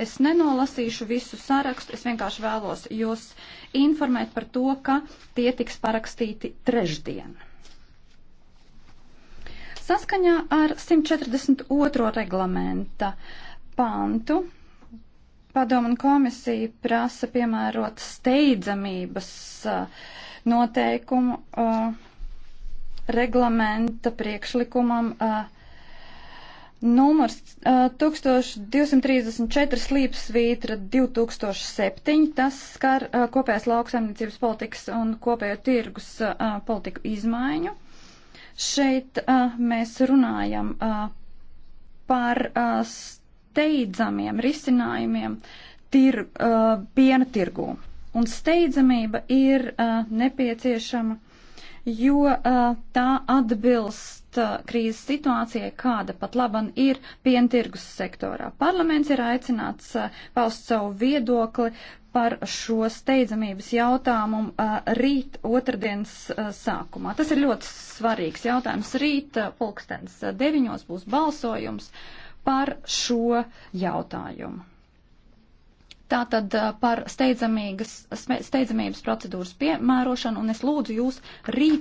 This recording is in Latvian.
Es nenolasīšu visu sarakstu, es vienkārši vēlos jūs informēt par to, ka tie tiks parakstīti trešdien. Saskaņā ar 142. reglamenta pantu padomu un komisija prasa piemērot steidzamības noteikumu reglamenta priekšlikumam. Uh, Numurs uh, 1234 slīpsvītra 2007, tas skar uh, kopējās lauksaimniecības politikas un kopējo tirgus uh, politiku izmaiņu. Šeit uh, mēs runājam uh, par uh, steidzamiem risinājumiem tir, uh, piena tirgū. Un steidzamība ir uh, nepieciešama, jo uh, tā atbilst krīzes situācijai, kāda pat laban ir pientirgus sektorā. Parlaments ir aicināts paust savu viedokli par šo steidzamības jautājumu rīt otrdienas sākumā. Tas ir ļoti svarīgs jautājums. Rīt pulkstens deviņos būs balsojums par šo jautājumu. Tātad par steidzamības procedūras piemērošanu, un es lūdzu jūs rīt.